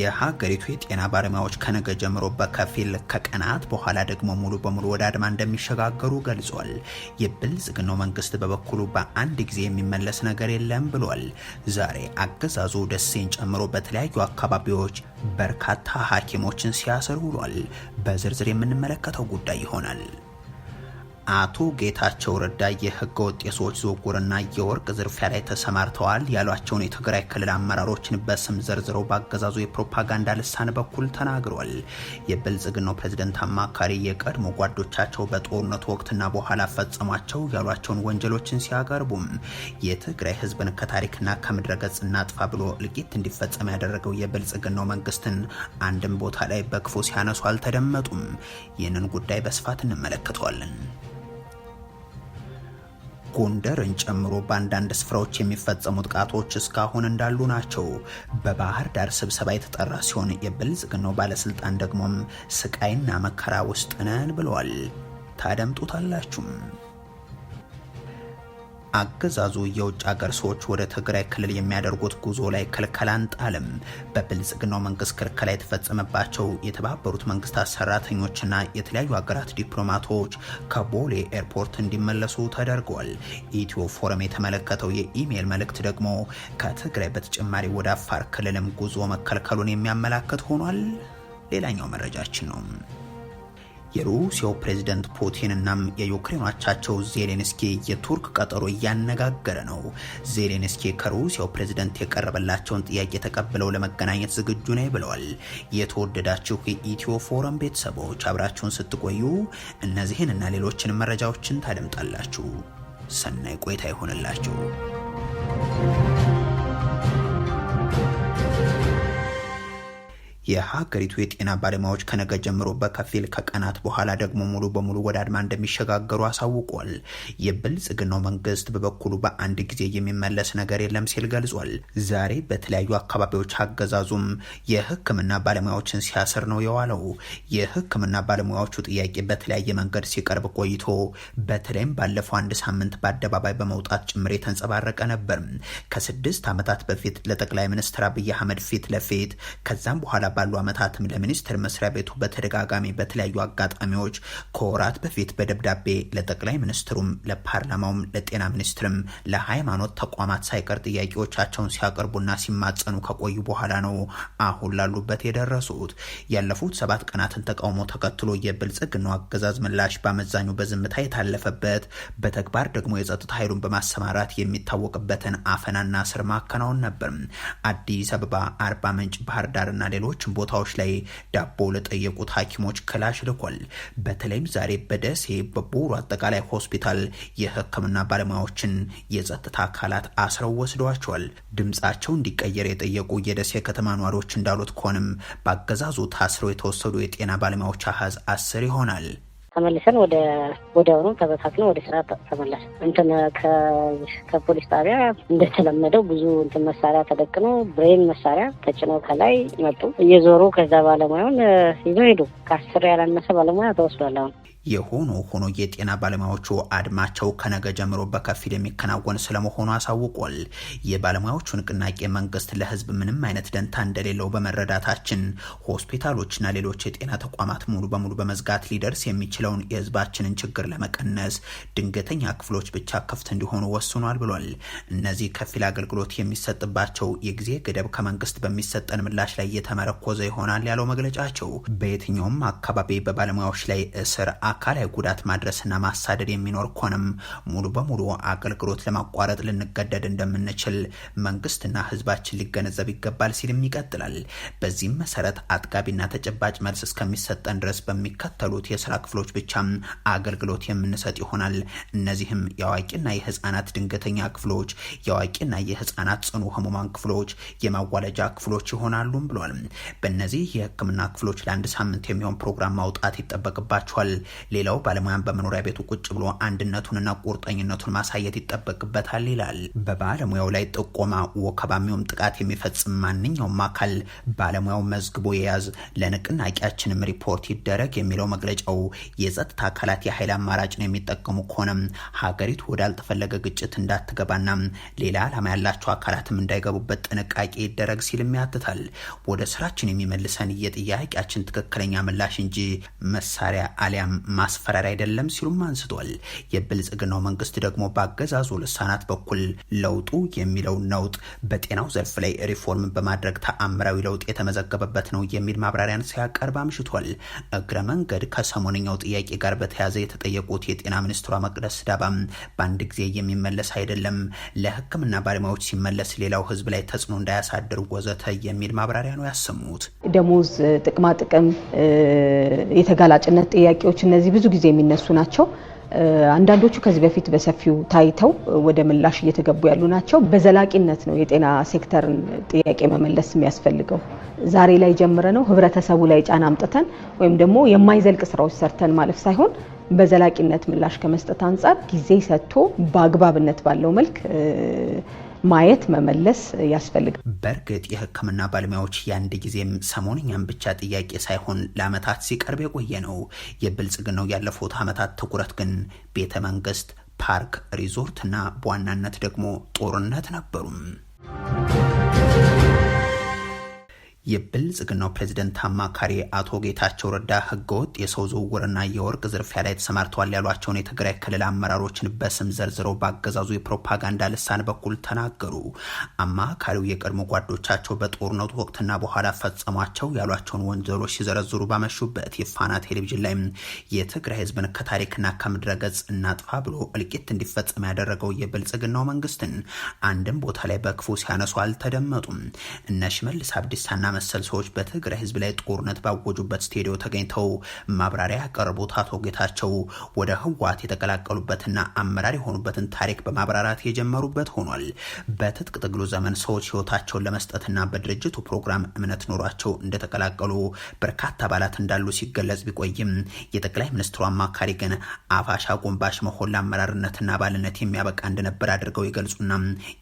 የሀገሪቱ የጤና ባለሙያዎች ከነገ ጀምሮ በከፊል ከቀናት በኋላ ደግሞ ሙሉ በሙሉ ወደ አድማ እንደሚሸጋገሩ ገልጿል። የብልጽግናው መንግስት በበኩሉ በአንድ ጊዜ የሚመለስ ነገር የለም ብሏል። ዛሬ አገዛዙ ደሴን ጨምሮ በተለያዩ አካባቢዎች በርካታ ሐኪሞችን ሲያስር ውሏል። በዝርዝር የምንመለከተው ጉዳይ ይሆናል። አቶ ጌታቸው ረዳ የህገወጥ የሰዎች ዝውውርና የወርቅ ዝርፊያ ላይ ተሰማርተዋል ያሏቸውን የትግራይ ክልል አመራሮችን በስም ዘርዝረው በአገዛዙ የፕሮፓጋንዳ ልሳን በኩል ተናግሯል። የብልጽግናው ፕሬዝደንት አማካሪ የቀድሞ ጓዶቻቸው በጦርነቱ ወቅትና በኋላ ፈጸሟቸው ያሏቸውን ወንጀሎችን ሲያቀርቡም የትግራይ ህዝብን ከታሪክና ከምድረገጽ እናጥፋ ብሎ እልቂት እንዲፈጸም ያደረገው የብልጽግናው መንግስትን አንድም ቦታ ላይ በክፉ ሲያነሱ አልተደመጡም። ይህንን ጉዳይ በስፋት እንመለከተዋለን። ጎንደርን ጨምሮ በአንዳንድ ስፍራዎች የሚፈጸሙ ጥቃቶች እስካሁን እንዳሉ ናቸው። በባህር ዳር ስብሰባ የተጠራ ሲሆን የብልጽግናው ባለስልጣን ደግሞም ስቃይና መከራ ውስጥ ነን ብለዋል። ታደምጡታላችሁም። አገዛዙ የውጭ ሀገር ሰዎች ወደ ትግራይ ክልል የሚያደርጉት ጉዞ ላይ ክልከላን ጣልም። በብልጽግናው መንግስት ክልከላ የተፈጸመባቸው የተባበሩት መንግስታት ሰራተኞችና የተለያዩ ሀገራት ዲፕሎማቶች ከቦሌ ኤርፖርት እንዲመለሱ ተደርገዋል። ኢትዮ ፎረም የተመለከተው የኢሜይል መልእክት ደግሞ ከትግራይ በተጨማሪ ወደ አፋር ክልልም ጉዞ መከልከሉን የሚያመላክት ሆኗል። ሌላኛው መረጃችን ነው። የሩሲያው ፕሬዝደንት ፑቲንናም የዩክሬኑ አቻቸው ዜሌንስኪ የቱርክ ቀጠሮ እያነጋገረ ነው። ዜሌንስኪ ከሩሲያው ፕሬዝደንት የቀረበላቸውን ጥያቄ ተቀብለው ለመገናኘት ዝግጁ ነኝ ብለዋል። የተወደዳችሁ የኢትዮ ፎረም ቤተሰቦች አብራችሁን ስትቆዩ እነዚህን እና ሌሎችን መረጃዎችን ታደምጣላችሁ። ሰናይ ቆይታ ይሆንላችሁ። የሀገሪቱ የጤና ባለሙያዎች ከነገ ጀምሮ በከፊል ከቀናት በኋላ ደግሞ ሙሉ በሙሉ ወደ አድማ እንደሚሸጋገሩ አሳውቋል። የብልጽግናው መንግስት በበኩሉ በአንድ ጊዜ የሚመለስ ነገር የለም ሲል ገልጿል። ዛሬ በተለያዩ አካባቢዎች አገዛዙም የህክምና ባለሙያዎችን ሲያስር ነው የዋለው። የህክምና ባለሙያዎቹ ጥያቄ በተለያየ መንገድ ሲቀርብ ቆይቶ በተለይም ባለፈው አንድ ሳምንት በአደባባይ በመውጣት ጭምር የተንጸባረቀ ነበር። ከስድስት ዓመታት በፊት ለጠቅላይ ሚኒስትር አብይ አህመድ ፊት ለፊት ከዛም በኋላ ባሉ ዓመታትም ለሚኒስቴር መስሪያ ቤቱ በተደጋጋሚ በተለያዩ አጋጣሚዎች ከወራት በፊት በደብዳቤ ለጠቅላይ ሚኒስትሩም ለፓርላማውም ለጤና ሚኒስትርም ለሃይማኖት ተቋማት ሳይቀር ጥያቄዎቻቸውን ሲያቀርቡና ሲማጸኑ ከቆዩ በኋላ ነው አሁን ላሉበት የደረሱት። ያለፉት ሰባት ቀናትን ተቃውሞ ተከትሎ የብልጽግናው አገዛዝ ምላሽ በአመዛኙ በዝምታ የታለፈበት በተግባር ደግሞ የጸጥታ ኃይሉን በማሰማራት የሚታወቅበትን አፈናና ስር ማከናወን ነበር። አዲስ አበባ፣ አርባ ምንጭ፣ ባህር ዳርና ሌሎች ሌሎችም ቦታዎች ላይ ዳቦ ለጠየቁት ሐኪሞች ክላሽ ልኳል። በተለይም ዛሬ በደሴ በቦሩ አጠቃላይ ሆስፒታል የሕክምና ባለሙያዎችን የጸጥታ አካላት አስረው ወስደዋቸዋል። ድምጻቸው እንዲቀየር የጠየቁ የደሴ ከተማ ነዋሪዎች እንዳሉት ከሆንም በአገዛዙ ታስረው የተወሰዱ የጤና ባለሙያዎች አሀዝ አስር ይሆናል። ተመልሰን ወደ ወዲያውኑ ተበታትነን ወደ ስራ ተመለስ እንትን ከፖሊስ ጣቢያ እንደተለመደው ብዙ እንትን መሳሪያ ተደቅኖ ብሬን መሳሪያ ተጭኖ ከላይ መጡ እየዞሩ ከዛ ባለሙያውን ይዘው ሄዱ። ከአስር ያላነሰ ባለሙያ ተወስዷል አሁን የሆኖ ሆኖ የጤና ባለሙያዎቹ አድማቸው ከነገ ጀምሮ በከፊል የሚከናወን ስለመሆኑ አሳውቋል። የባለሙያዎቹ ንቅናቄ መንግስት ለህዝብ ምንም አይነት ደንታ እንደሌለው በመረዳታችን ሆስፒታሎችና ሌሎች የጤና ተቋማት ሙሉ በሙሉ በመዝጋት ሊደርስ የሚችለውን የህዝባችንን ችግር ለመቀነስ ድንገተኛ ክፍሎች ብቻ ክፍት እንዲሆኑ ወስኗል ብሏል። እነዚህ ከፊል አገልግሎት የሚሰጥባቸው የጊዜ ገደብ ከመንግስት በሚሰጠን ምላሽ ላይ የተመረኮዘ ይሆናል ያለው መግለጫቸው በየትኛውም አካባቢ በባለሙያዎች ላይ እስር አካላዊ ጉዳት ማድረስና ማሳደድ የሚኖር ከሆነም ሙሉ በሙሉ አገልግሎት ለማቋረጥ ልንገደድ እንደምንችል መንግስትና ህዝባችን ሊገነዘብ ይገባል ሲልም ይቀጥላል። በዚህም መሰረት አጥጋቢና ተጨባጭ መልስ እስከሚሰጠን ድረስ በሚከተሉት የስራ ክፍሎች ብቻም አገልግሎት የምንሰጥ ይሆናል። እነዚህም የአዋቂና የህፃናት ድንገተኛ ክፍሎች፣ የአዋቂና የህፃናት ጽኑ ህሙማን ክፍሎች፣ የማዋለጃ ክፍሎች ይሆናሉም ብሏል። በእነዚህ የህክምና ክፍሎች ለአንድ ሳምንት የሚሆን ፕሮግራም ማውጣት ይጠበቅባቸዋል። ሌላው ባለሙያን በመኖሪያ ቤቱ ቁጭ ብሎ አንድነቱንና ቁርጠኝነቱን ማሳየት ይጠበቅበታል ይላል። በባለሙያው ላይ ጥቆማ፣ ወከባሚውም ጥቃት የሚፈጽም ማንኛውም አካል ባለሙያው መዝግቦ የያዝ ለንቅናቄያችንም ሪፖርት ይደረግ የሚለው መግለጫው የጸጥታ አካላት የኃይል አማራጭን የሚጠቀሙ ከሆነም ሀገሪቱ ወዳልተፈለገ ግጭት እንዳትገባና ሌላ ዓላማ ያላቸው አካላትም እንዳይገቡበት ጥንቃቄ ይደረግ ሲልም ያትታል። ወደ ስራችን የሚመልሰን የጥያቄያችን ትክክለኛ ምላሽ እንጂ መሳሪያ አሊያም ማስፈራሪያ አይደለም ሲሉም አንስቷል። የብልጽግናው መንግስት ደግሞ በአገዛዙ ልሳናት በኩል ለውጡ የሚለው ነውጥ በጤናው ዘርፍ ላይ ሪፎርም በማድረግ ተአምራዊ ለውጥ የተመዘገበበት ነው የሚል ማብራሪያን ሲያቀርብ አምሽቷል። እግረ መንገድ ከሰሞነኛው ጥያቄ ጋር በተያያዘ የተጠየቁት የጤና ሚኒስትሯ መቅደስ ዳባም በአንድ ጊዜ የሚመለስ አይደለም፣ ለህክምና ባለሙያዎች ሲመለስ ሌላው ህዝብ ላይ ተጽዕኖ እንዳያሳድር ወዘተ የሚል ማብራሪያ ነው ያሰሙት። ደሞዝ፣ ጥቅማጥቅም፣ የተጋላጭነት ጥያቄዎች እነዚህ ብዙ ጊዜ የሚነሱ ናቸው። አንዳንዶቹ ከዚህ በፊት በሰፊው ታይተው ወደ ምላሽ እየተገቡ ያሉ ናቸው። በዘላቂነት ነው የጤና ሴክተርን ጥያቄ መመለስ የሚያስፈልገው። ዛሬ ላይ ጀምረ ነው ህብረተሰቡ ላይ ጫና አምጥተን ወይም ደግሞ የማይዘልቅ ስራዎች ሰርተን ማለፍ ሳይሆን በዘላቂነት ምላሽ ከመስጠት አንጻር ጊዜ ሰጥቶ በአግባብነት ባለው መልክ ማየት መመለስ ያስፈልጋል። በእርግጥ የህክምና ባለሙያዎች የአንድ ጊዜም ሰሞንኛም ብቻ ጥያቄ ሳይሆን ለዓመታት ሲቀርብ የቆየ ነው። የብልጽግናው ያለፉት አመታት ትኩረት ግን ቤተ መንግስት፣ ፓርክ፣ ሪዞርትና በዋናነት ደግሞ ጦርነት ነበሩም። የብልጽግናው ፕሬዚደንት አማካሪ አቶ ጌታቸው ረዳ ህገወጥ የሰው ዝውውርና የወርቅ ዝርፊያ ላይ ተሰማርተዋል ያሏቸውን የትግራይ ክልል አመራሮችን በስም ዘርዝረው በአገዛዙ የፕሮፓጋንዳ ልሳን በኩል ተናገሩ። አማካሪው የቀድሞ ጓዶቻቸው በጦርነቱ ወቅትና በኋላ ፈጸሟቸው ያሏቸውን ወንጀሎች ሲዘረዝሩ ባመሹበት የፋና ቴሌቪዥን ላይ የትግራይ ህዝብን ከታሪክና ከምድረገጽ እናጥፋ ብሎ እልቂት እንዲፈጸም ያደረገው የብልጽግናው መንግስትን አንድም ቦታ ላይ በክፉ ሲያነሱ አልተደመጡም። እነ ሽመልስ አብዲሳና መሰል ሰዎች በትግራይ ህዝብ ላይ ጦርነት ባወጁበት ስቴዲዮ ተገኝተው ማብራሪያ ያቀረቡት አቶ ጌታቸው ወደ ህወሓት የተቀላቀሉበትና አመራር የሆኑበትን ታሪክ በማብራራት የጀመሩበት ሆኗል። በትጥቅ ትግሉ ዘመን ሰዎች ህይወታቸውን ለመስጠትና በድርጅቱ ፕሮግራም እምነት ኖሯቸው እንደተቀላቀሉ በርካታ አባላት እንዳሉ ሲገለጽ ቢቆይም የጠቅላይ ሚኒስትሩ አማካሪ ግን አፋሻ ጎንባሽ መሆን ለአመራርነትና አባልነት የሚያበቃ እንደነበር አድርገው ይገልጹና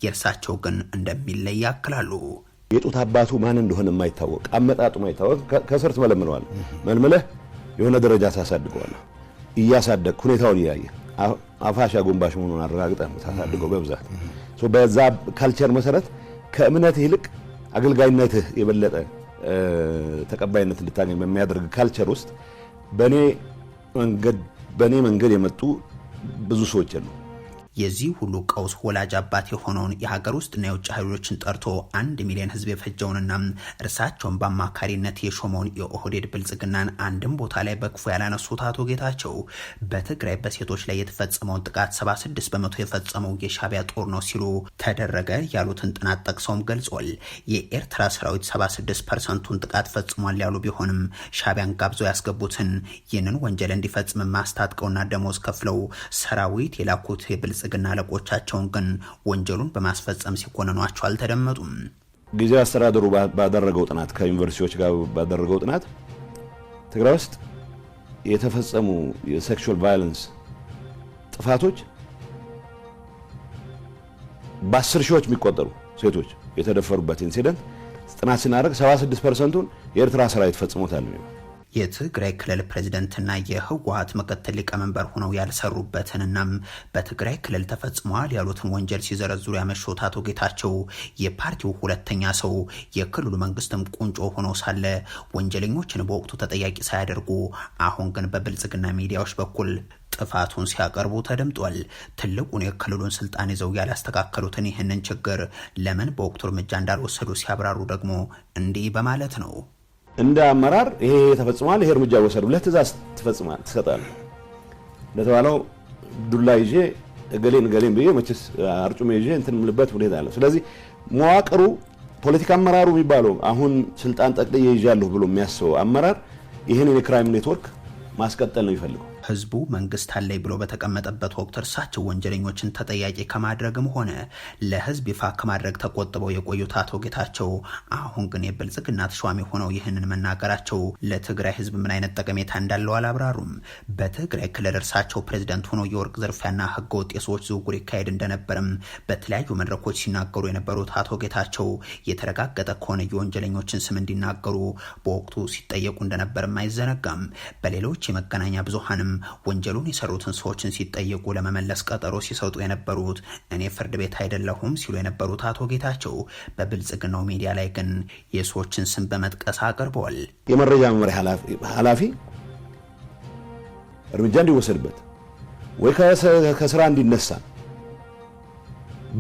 የእርሳቸው ግን እንደሚለይ ያክላሉ። የጡት አባቱ ማን እንደሆነ የማይታወቅ አመጣጡ ማይታወቅ ከስር ትመለምለዋል። መልምለህ የሆነ ደረጃ ታሳድገዋለህ። እያሳደግ ሁኔታውን እያየ አፋሻ ጎንባሽ መሆኑን አረጋግጠህ ታሳድገው። በብዛት በዛ ካልቸር መሰረት ከእምነት ይልቅ አገልጋይነትህ የበለጠ ተቀባይነት እንድታገኝ በሚያደርግ ካልቸር ውስጥ በእኔ መንገድ የመጡ ብዙ ሰዎች የሉ የዚህ ሁሉ ቀውስ ወላጅ አባት የሆነውን የሀገር ውስጥና የውጭ ኃይሎችን ጠርቶ አንድ ሚሊዮን ህዝብ የፈጀውንና እርሳቸውን በአማካሪነት የሾመውን የኦህዴድ ብልጽግናን አንድም ቦታ ላይ በክፉ ያላነሱት አቶ ጌታቸው በትግራይ በሴቶች ላይ የተፈጸመውን ጥቃት 76 በመቶ የፈጸመው የሻቢያ ጦር ነው ሲሉ ተደረገ ያሉትን ጥናት ጠቅሰውም ገልጿል። የኤርትራ ሰራዊት 76 ፐርሰንቱን ጥቃት ፈጽሟል ያሉ ቢሆንም ሻቢያን ጋብዘው ያስገቡትን ይህንን ወንጀል እንዲፈጽም ማስታጥቀውና ደሞዝ ከፍለው ሰራዊት የላኩት የብልጽ የብልጽግና አለቆቻቸውን ግን ወንጀሉን በማስፈጸም ሲኮነኗቸው አልተደመጡም። ጊዜ አስተዳደሩ ባደረገው ጥናት ከዩኒቨርሲቲዎች ጋር ባደረገው ጥናት ትግራይ ውስጥ የተፈጸሙ የሴክሹዋል ቫዮለንስ ጥፋቶች በአስር ሺዎች የሚቆጠሩ ሴቶች የተደፈሩበት ኢንሲደንት ጥናት ስናደርግ 76 ፐርሰንቱን የኤርትራ ሰራዊት ፈጽሞታል። የትግራይ ክልል ፕሬዝደንትና የህወሀት ምክትል ሊቀመንበር ሆነው ያልሰሩበትንና በትግራይ ክልል ተፈጽመዋል ያሉትን ወንጀል ሲዘረዝሩ ያመሹት አቶ ጌታቸው የፓርቲው ሁለተኛ ሰው የክልሉ መንግስትም ቁንጮ ሆነው ሳለ ወንጀለኞችን በወቅቱ ተጠያቂ ሳያደርጉ አሁን ግን በብልጽግና ሚዲያዎች በኩል ጥፋቱን ሲያቀርቡ ተደምጧል። ትልቁን የክልሉን ስልጣን ይዘው ያላስተካከሉትን ይህንን ችግር ለምን በወቅቱ እርምጃ እንዳልወሰዱ ሲያብራሩ ደግሞ እንዲህ በማለት ነው። እንደ አመራር ይሄ ተፈጽሟል፣ ይሄ እርምጃ ወሰዱ ብለህ ትእዛዝ ትፈጽማል ትሰጣለህ። እንደተባለው ዱላ ይዤ እገሌን እገሌን ብዬ መቼስ አርጩሜ ይዤ እንትን ምልበት ሁኔታ አለ። ስለዚህ መዋቅሩ ፖለቲካ አመራሩ የሚባለው አሁን ስልጣን ጠቅልዬ ይዣለሁ ብሎ የሚያስበው አመራር ይህንን የክራይም ኔትወርክ ማስቀጠል ነው የሚፈልገው። ህዝቡ መንግስት አለኝ ብሎ በተቀመጠበት ወቅት እርሳቸው ወንጀለኞችን ተጠያቂ ከማድረግም ሆነ ለህዝብ ይፋ ከማድረግ ተቆጥበው የቆዩት አቶ ጌታቸው አሁን ግን የብልጽግና ተሿሚ ሆነው ይህንን መናገራቸው ለትግራይ ህዝብ ምን አይነት ጠቀሜታ እንዳለው አላብራሩም። በትግራይ ክልል እርሳቸው ፕሬዚደንት ሆነው የወርቅ ዘርፊያና ህገወጥ የሰዎች ዝውውር ይካሄድ እንደነበርም በተለያዩ መድረኮች ሲናገሩ የነበሩት አቶ ጌታቸው የተረጋገጠ ከሆነ የወንጀለኞችን ስም እንዲናገሩ በወቅቱ ሲጠየቁ እንደነበርም አይዘነጋም። በሌሎች የመገናኛ ብዙሃንም ወንጀሉን የሰሩትን ሰዎችን ሲጠየቁ ለመመለስ ቀጠሮ ሲሰጡ የነበሩት እኔ ፍርድ ቤት አይደለሁም ሲሉ የነበሩት አቶ ጌታቸው በብልጽግናው ሚዲያ ላይ ግን የሰዎችን ስም በመጥቀስ አቅርበዋል። የመረጃ መምሪያ ኃላፊ እርምጃ እንዲወሰድበት ወይ ከስራ እንዲነሳ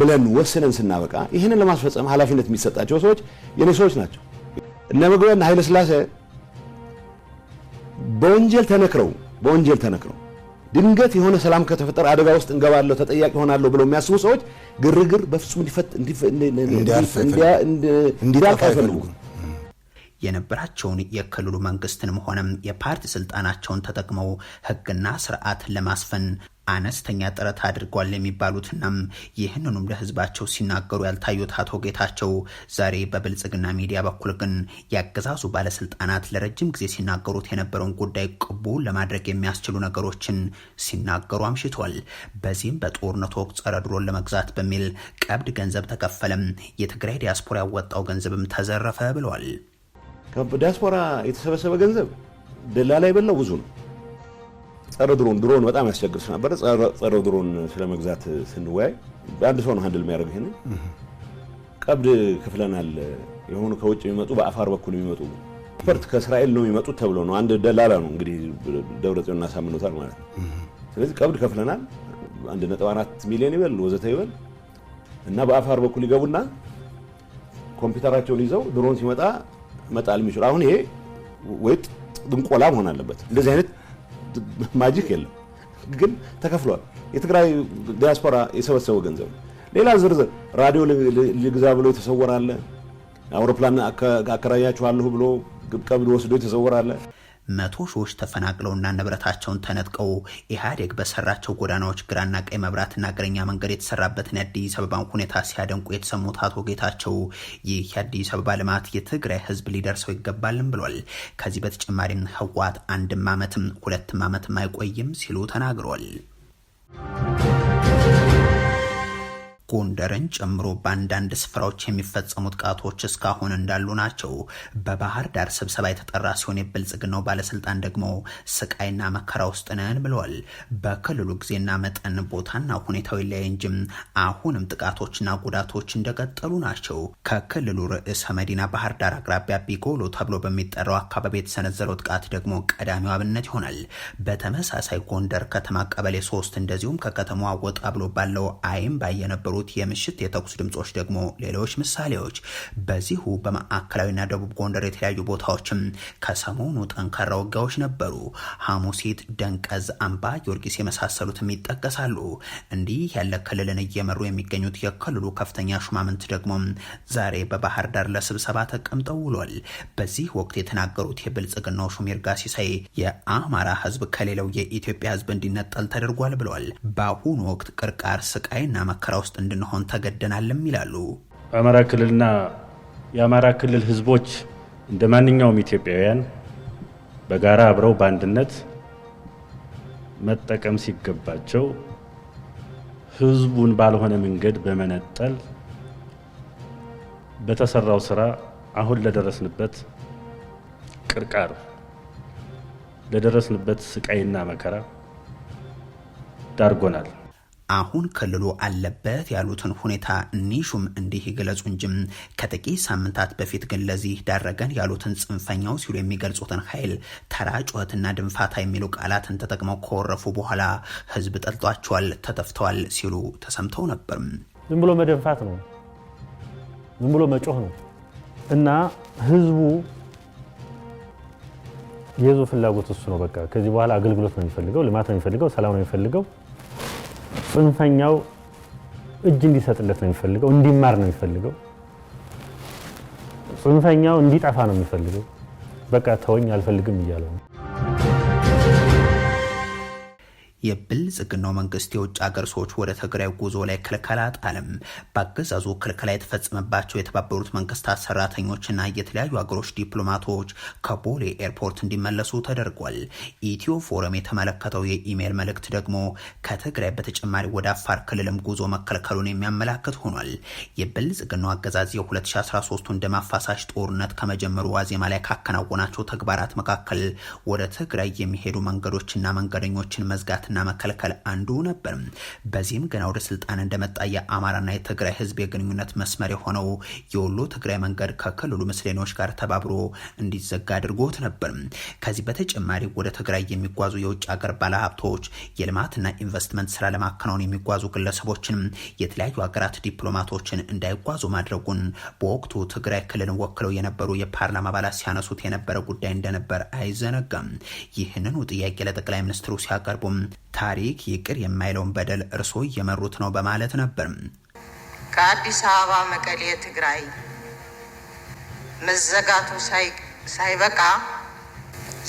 ብለን ወስነን ስናበቃ ይህንን ለማስፈጸም ኃላፊነት የሚሰጣቸው ሰዎች የኔ ሰዎች ናቸው። እነ ምግበይና ኃይለስላሴ በወንጀል ተነክረው በወንጀል ተነክረው ድንገት የሆነ ሰላም ከተፈጠረ አደጋ ውስጥ እንገባለሁ ተጠያቂ ሆናለሁ ብለው የሚያስቡ ሰዎች ግርግር በፍጹም እንዲያልፍ አይፈልጉም። የነበራቸውን የክልሉ መንግስትንም ሆነም የፓርቲ ስልጣናቸውን ተጠቅመው ህግና ስርዓት ለማስፈን አነስተኛ ጥረት አድርጓል የሚባሉትናም ይህንኑም ለህዝባቸው ሲናገሩ ያልታዩት አቶ ጌታቸው ዛሬ በብልጽግና ሚዲያ በኩል ግን የአገዛዙ ባለስልጣናት ለረጅም ጊዜ ሲናገሩት የነበረውን ጉዳይ ቅቡን ለማድረግ የሚያስችሉ ነገሮችን ሲናገሩ አምሽቷል። በዚህም በጦርነቱ ወቅት ጸረ ድሮን ለመግዛት በሚል ቀብድ ገንዘብ ተከፈለም፣ የትግራይ ዲያስፖራ ያወጣው ገንዘብም ተዘረፈ ብለዋል። ዲያስፖራ የተሰበሰበ ገንዘብ ደላላ የበላው ብዙ ነው። ጸረ ድሮን ድሮን በጣም ያስቸግር ስለነበረ ጸረ ድሮን ስለመግዛት ስንወያይ አንድ ሰው ነው ሀንድል የሚያደርግ ይሄንን ቀብድ ክፍለናል። የሆኑ ከውጭ የሚመጡ በአፋር በኩል የሚመጡ ኤክስፐርት ከእስራኤል ነው የሚመጡት ተብሎ ነው። አንድ ደላላ ነው እንግዲህ ደብረ ጽዮን እናሳምኖታል ማለት ነው። ስለዚህ ቀብድ ከፍለናል። አንድ ነጥብ አራት ሚሊዮን ይበል ወዘተ ይበል እና በአፋር በኩል ይገቡና ኮምፒውተራቸውን ይዘው ድሮን ሲመጣ መጣል የሚችሉ አሁን ይሄ ወይ ጥንቆላ መሆን አለበት እንደዚህ አይነት ማጂክ የለም፣ ግን ተከፍሏል። የትግራይ ዲያስፖራ የሰበሰበው ገንዘብ ሌላ ዝርዝር ራዲዮ ልግዛ ብሎ የተሰወራለ፣ አውሮፕላን አከራያችኋለሁ ብሎ ግብቀብ ወስዶ የተሰወራለ። መቶ ሺዎች ተፈናቅለውና ንብረታቸውን ተነጥቀው ኢህአዴግ በሰራቸው ጎዳናዎች ግራና ቀይ መብራትና እግረኛ መንገድ የተሰራበትን የአዲስ አበባን ሁኔታ ሲያደንቁ የተሰሙት አቶ ጌታቸው ይህ የአዲስ አበባ ልማት የትግራይ ህዝብ ሊደርሰው ይገባልን ብሏል። ከዚህ በተጨማሪም ህወሓት አንድም ዓመትም ሁለትም ዓመትም አይቆይም ሲሉ ተናግሯል። ጎንደርን ጨምሮ በአንዳንድ ስፍራዎች የሚፈጸሙ ጥቃቶች እስካሁን እንዳሉ ናቸው። በባህር ዳር ስብሰባ የተጠራ ሲሆን የብልጽግናው ባለስልጣን ደግሞ ስቃይና መከራ ውስጥ ነን ብለዋል። በክልሉ ጊዜና መጠን ቦታና ሁኔታው ይለያይ እንጂም አሁንም ጥቃቶችና ጉዳቶች እንደቀጠሉ ናቸው። ከክልሉ ርዕሰ መዲና ባህር ዳር አቅራቢያ ቢጎሎ ተብሎ በሚጠራው አካባቢ የተሰነዘረው ጥቃት ደግሞ ቀዳሚው አብነት ይሆናል። በተመሳሳይ ጎንደር ከተማ ቀበሌ ሶስት እንደዚሁም ከከተማዋ ወጣ ብሎ ባለው አይም ባየነበሩ የነበሩት የምሽት የተኩስ ድምጾች ደግሞ ሌሎች ምሳሌዎች። በዚሁ በማዕከላዊና ደቡብ ጎንደር የተለያዩ ቦታዎችም ከሰሞኑ ጠንካራ ውጊያዎች ነበሩ። ሐሙሲት፣ ደንቀዝ፣ አምባ ጊዮርጊስ የመሳሰሉትም ይጠቀሳሉ። እንዲህ ያለ ክልልን እየመሩ የሚገኙት የክልሉ ከፍተኛ ሹማምንት ደግሞ ዛሬ በባህር ዳር ለስብሰባ ተቀምጠው ውሏል። በዚህ ወቅት የተናገሩት የብልጽግናው ሹሜር ጋሲሳይ የአማራ ህዝብ ከሌላው የኢትዮጵያ ህዝብ እንዲነጠል ተደርጓል ብለዋል። በአሁኑ ወቅት ቅርቃር ስቃይና መከራ ውስጥ እንድንሆን ተገደናልም ይላሉ። አማራ ክልልና የአማራ ክልል ህዝቦች እንደ ማንኛውም ኢትዮጵያውያን በጋራ አብረው በአንድነት መጠቀም ሲገባቸው ህዝቡን ባልሆነ መንገድ በመነጠል በተሰራው ስራ አሁን ለደረስንበት ቅርቃር ለደረስንበት ስቃይና መከራ ዳርጎናል። አሁን ክልሉ አለበት ያሉትን ሁኔታ እኒሹም እንዲህ ይገለጹ እንጂ ከጥቂት ሳምንታት በፊት ግን ለዚህ ዳረገን ያሉትን ጽንፈኛው ሲሉ የሚገልጹትን ኃይል ተራ ጩኸትና ድንፋታ የሚሉ ቃላትን ተጠቅመው ከወረፉ በኋላ ህዝብ ጠልጧቸዋል፣ ተጠፍተዋል ሲሉ ተሰምተው ነበር። ዝም ብሎ መደንፋት ነው፣ ዝም ብሎ መጮህ ነው እና ህዝቡ የህዝቡ ፍላጎት እሱ ነው። በቃ ከዚህ በኋላ አገልግሎት ነው የሚፈልገው፣ ልማት ነው የሚፈልገው፣ ሰላም ነው የሚፈልገው ጽንፈኛው እጅ እንዲሰጥለት ነው የሚፈልገው፣ እንዲማር ነው የሚፈልገው። ጽንፈኛው እንዲጠፋ ነው የሚፈልገው። በቃ ተወኝ አልፈልግም እያለው ነው። የብልጽግናው መንግስት የውጭ ሀገር ሰዎች ወደ ትግራይ ጉዞ ላይ ክልከላ ጣለም። በአገዛዙ ክልከላ የተፈጸመባቸው የተባበሩት መንግስታት ሰራተኞችና የተለያዩ ሀገሮች ዲፕሎማቶች ከቦሌ ኤርፖርት እንዲመለሱ ተደርጓል። ኢትዮ ፎረም የተመለከተው የኢሜይል መልእክት ደግሞ ከትግራይ በተጨማሪ ወደ አፋር ክልልም ጉዞ መከልከሉን የሚያመላክት ሆኗል። የብልጽግናው አገዛዝ የ2013ቱን ደም አፋሳሽ ጦርነት ከመጀመሩ ዋዜማ ላይ ካከናወናቸው ተግባራት መካከል ወደ ትግራይ የሚሄዱ መንገዶችና መንገደኞችን መዝጋት ማጥፋትና መከልከል አንዱ ነበር። በዚህም ገና ወደ ስልጣን እንደመጣ የአማራና የትግራይ ህዝብ የግንኙነት መስመር የሆነው የወሎ ትግራይ መንገድ ከክልሉ ምስሌኖች ጋር ተባብሮ እንዲዘጋ አድርጎት ነበር። ከዚህ በተጨማሪ ወደ ትግራይ የሚጓዙ የውጭ ሀገር ባለሀብቶች፣ የልማትና ኢንቨስትመንት ስራ ለማከናወን የሚጓዙ ግለሰቦችን፣ የተለያዩ ሀገራት ዲፕሎማቶችን እንዳይጓዙ ማድረጉን በወቅቱ ትግራይ ክልልን ወክለው የነበሩ የፓርላማ አባላት ሲያነሱት የነበረ ጉዳይ እንደነበር አይዘነጋም። ይህንኑ ጥያቄ ለጠቅላይ ሚኒስትሩ ሲያቀርቡም ታሪክ ይቅር የማይለውን በደል እርስዎ እየመሩት ነው በማለት ነበር። ከአዲስ አበባ መቀሌ ትግራይ መዘጋቱ ሳይበቃ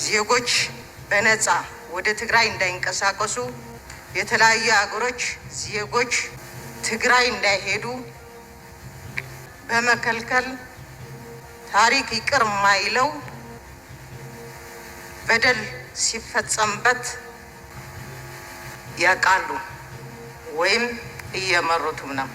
ዜጎች በነፃ ወደ ትግራይ እንዳይንቀሳቀሱ የተለያዩ አገሮች ዜጎች ትግራይ እንዳይሄዱ በመከልከል ታሪክ ይቅር የማይለው በደል ሲፈጸምበት ያውቃሉ ወይም እየመሩትም ነው።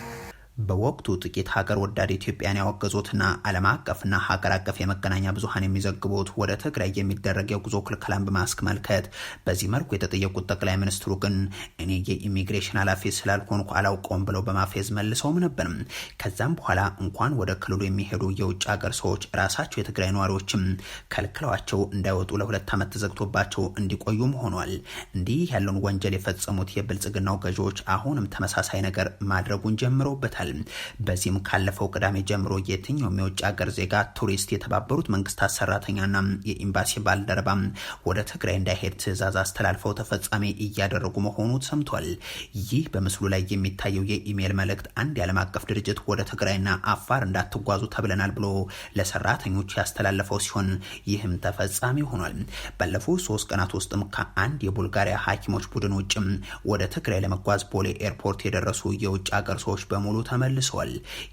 በወቅቱ ጥቂት ሀገር ወዳድ ኢትዮጵያን ያወገዙትና ዓለም አቀፍና ሀገር አቀፍ የመገናኛ ብዙሀን የሚዘግቡት ወደ ትግራይ የሚደረግ የጉዞ ክልከላን በማስመልከት በዚህ መልኩ የተጠየቁት ጠቅላይ ሚኒስትሩ ግን እኔ የኢሚግሬሽን ኃላፊ ስላልሆንኩ አላውቀውም ብለው በማፌዝ መልሰውም ነበር። ከዛም በኋላ እንኳን ወደ ክልሉ የሚሄዱ የውጭ ሀገር ሰዎች ራሳቸው የትግራይ ነዋሪዎችም ከልክለዋቸው እንዳይወጡ ለሁለት ዓመት ተዘግቶባቸው እንዲቆዩም ሆኗል። እንዲህ ያለውን ወንጀል የፈጸሙት የብልጽግናው ገዢዎች አሁንም ተመሳሳይ ነገር ማድረጉን ጀምረውበታል። ተደርጓል። በዚህም ካለፈው ቅዳሜ ጀምሮ የትኛውም የውጭ ሀገር ዜጋ ቱሪስት የተባበሩት መንግስታት ሰራተኛና የኤምባሲ ባልደረባ ወደ ትግራይ እንዳይሄድ ትዕዛዝ አስተላልፈው ተፈጻሚ እያደረጉ መሆኑ ሰምቷል። ይህ በምስሉ ላይ የሚታየው የኢሜይል መልእክት አንድ የዓለም አቀፍ ድርጅት ወደ ትግራይና አፋር እንዳትጓዙ ተብለናል ብሎ ለሰራተኞች ያስተላለፈው ሲሆን ይህም ተፈጻሚ ሆኗል። ባለፉት ሶስት ቀናት ውስጥም ከአንድ የቡልጋሪያ ሐኪሞች ቡድን ውጭም ወደ ትግራይ ለመጓዝ ቦሌ ኤርፖርት የደረሱ የውጭ ሀገር ሰዎች በሙሉ ተመልሷል።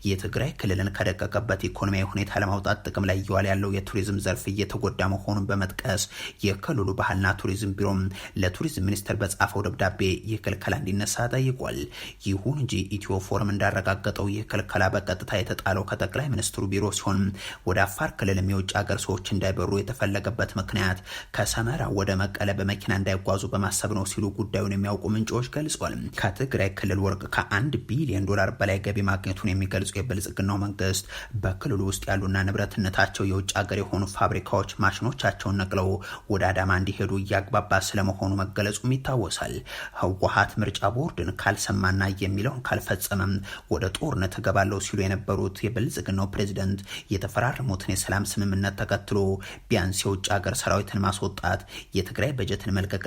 የትግራይ ክልልን ከደቀቀበት ኢኮኖሚያዊ ሁኔታ ለማውጣት ጥቅም ላይ እየዋለ ያለው የቱሪዝም ዘርፍ እየተጎዳ መሆኑን በመጥቀስ የክልሉ ባህልና ቱሪዝም ቢሮም ለቱሪዝም ሚኒስቴር በጻፈው ደብዳቤ የክልከላ እንዲነሳ ጠይቋል። ይሁን እንጂ ኢትዮ ፎርም እንዳረጋገጠው የክልከላ በቀጥታ የተጣለው ከጠቅላይ ሚኒስትሩ ቢሮ ሲሆን ወደ አፋር ክልል የውጭ ሀገር ሰዎች እንዳይበሩ የተፈለገበት ምክንያት ከሰመራ ወደ መቀለ በመኪና እንዳይጓዙ በማሰብ ነው ሲሉ ጉዳዩን የሚያውቁ ምንጮች ገልጿል። ከትግራይ ክልል ወርቅ ከአንድ ቢሊዮን ዶላር በላይ ገቢ ማግኘቱን የሚገልጹ የብልጽግናው መንግስት በክልሉ ውስጥ ያሉና ንብረትነታቸው የውጭ ሀገር የሆኑ ፋብሪካዎች ማሽኖቻቸውን ነቅለው ወደ አዳማ እንዲሄዱ እያግባባ ስለመሆኑ መገለጹም ይታወሳል። ህወሀት ምርጫ ቦርድን ካልሰማና የሚለውን ካልፈጸመም ወደ ጦርነት እገባለሁ ሲሉ የነበሩት የብልጽግናው ፕሬዚደንት የተፈራረሙትን የሰላም ስምምነት ተከትሎ ቢያንስ የውጭ ሀገር ሰራዊትን ማስወጣት፣ የትግራይ በጀትን መልቀቅና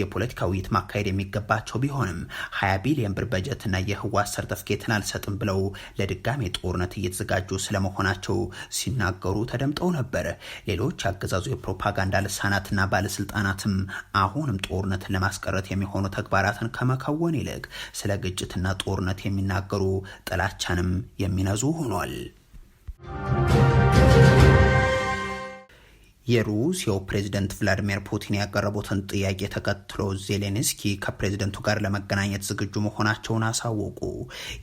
የፖለቲካ ውይይት ማካሄድ የሚገባቸው ቢሆንም ሀያ ቢሊዮን ብር በጀትና የህወሀት ሰርተፍኬትን አንሰጥም ብለው ለድጋሜ ጦርነት እየተዘጋጁ ስለመሆናቸው ሲናገሩ ተደምጠው ነበር። ሌሎች አገዛዙ የፕሮፓጋንዳ ልሳናትና ባለስልጣናትም አሁንም ጦርነትን ለማስቀረት የሚሆኑ ተግባራትን ከመከወን ይልቅ ስለ ግጭትና ጦርነት የሚናገሩ ጥላቻንም የሚነዙ ሆኗል። የሩሲያው ፕሬዝደንት ቭላዲሚር ፑቲን ያቀረቡትን ጥያቄ ተከትሎ ዜሌንስኪ ከፕሬዝደንቱ ጋር ለመገናኘት ዝግጁ መሆናቸውን አሳወቁ።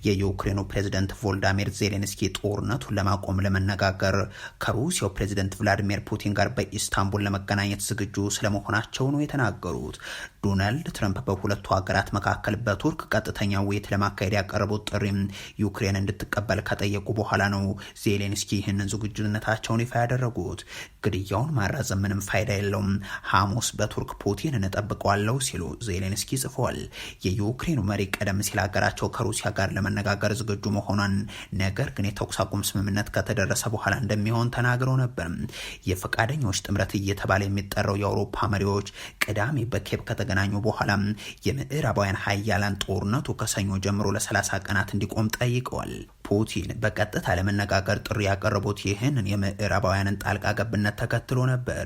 የዩክሬኑ ፕሬዝደንት ቮልዳሚር ዜሌንስኪ ጦርነቱን ለማቆም ለመነጋገር ከሩሲያው ፕሬዝደንት ቭላዲሚር ፑቲን ጋር በኢስታንቡል ለመገናኘት ዝግጁ ስለመሆናቸው ነው የተናገሩት። ዶናልድ ትረምፕ በሁለቱ ሀገራት መካከል በቱርክ ቀጥተኛ ውይይት ለማካሄድ ያቀረቡት ጥሪም ዩክሬን እንድትቀበል ከጠየቁ በኋላ ነው ዜሌንስኪ ይህንን ዝግጁነታቸውን ይፋ ያደረጉት። ግድያውን ማራዘም ምንም ፋይዳ የለውም፣ ሐሙስ በቱርክ ፑቲን እንጠብቀዋለሁ ሲሉ ዜሌንስኪ ጽፏል። የዩክሬኑ መሪ ቀደም ሲል ሀገራቸው ከሩሲያ ጋር ለመነጋገር ዝግጁ መሆኗን ነገር ግን የተኩስ አቁም ስምምነት ከተደረሰ በኋላ እንደሚሆን ተናግረው ነበር። የፈቃደኞች ጥምረት እየተባለ የሚጠራው የአውሮፓ መሪዎች ቅዳሜ ከተገ ከተገናኙ በኋላ የምዕራባውያን ሀያላን ጦርነቱ ከሰኞ ጀምሮ ለ30 ቀናት እንዲቆም ጠይቀዋል። ፑቲን በቀጥታ ለመነጋገር ጥሪ ያቀረቡት ይህንን የምዕራባውያንን ጣልቃ ገብነት ተከትሎ ነበር።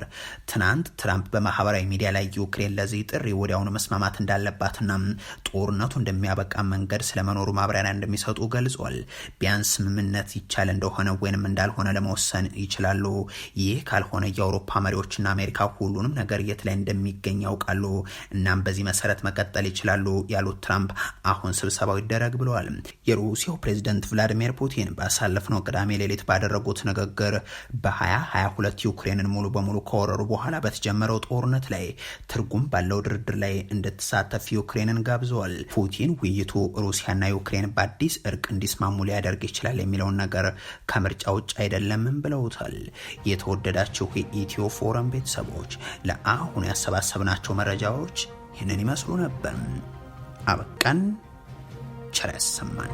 ትናንት ትራምፕ በማህበራዊ ሚዲያ ላይ ዩክሬን ለዚህ ጥሪ ወዲያውኑ መስማማት እንዳለባትና ጦርነቱ እንደሚያበቃ መንገድ ስለመኖሩ ማብራሪያ እንደሚሰጡ ገልጿል። ቢያንስ ስምምነት ይቻል እንደሆነ ወይንም እንዳልሆነ ለመወሰን ይችላሉ። ይህ ካልሆነ የአውሮፓ መሪዎችና አሜሪካ ሁሉንም ነገር የት ላይ እንደሚገኝ ያውቃሉ። እናም በዚህ መሰረት መቀጠል ይችላሉ ያሉት ትራምፕ አሁን ስብሰባው ይደረግ ብለዋል። የሩሲያው ፕሬዚደንት ቭላዲሚር ቭላዲሚር ፑቲን ባሳለፍነው ቅዳሜ ሌሊት ባደረጉት ንግግር በ2022 ዩክሬንን ሙሉ በሙሉ ከወረሩ በኋላ በተጀመረው ጦርነት ላይ ትርጉም ባለው ድርድር ላይ እንድትሳተፍ ዩክሬንን ጋብዘዋል። ፑቲን ውይይቱ ሩሲያና ዩክሬን በአዲስ እርቅ እንዲስማሙ ሊያደርግ ይችላል የሚለውን ነገር ከምርጫ ውጭ አይደለምም ብለውታል። የተወደዳችሁ የኢትዮ ፎረም ቤተሰቦች ለአሁኑ ያሰባሰብናቸው መረጃዎች ይህንን ይመስሉ ነበር። አበቃን። ቸር ያሰማን።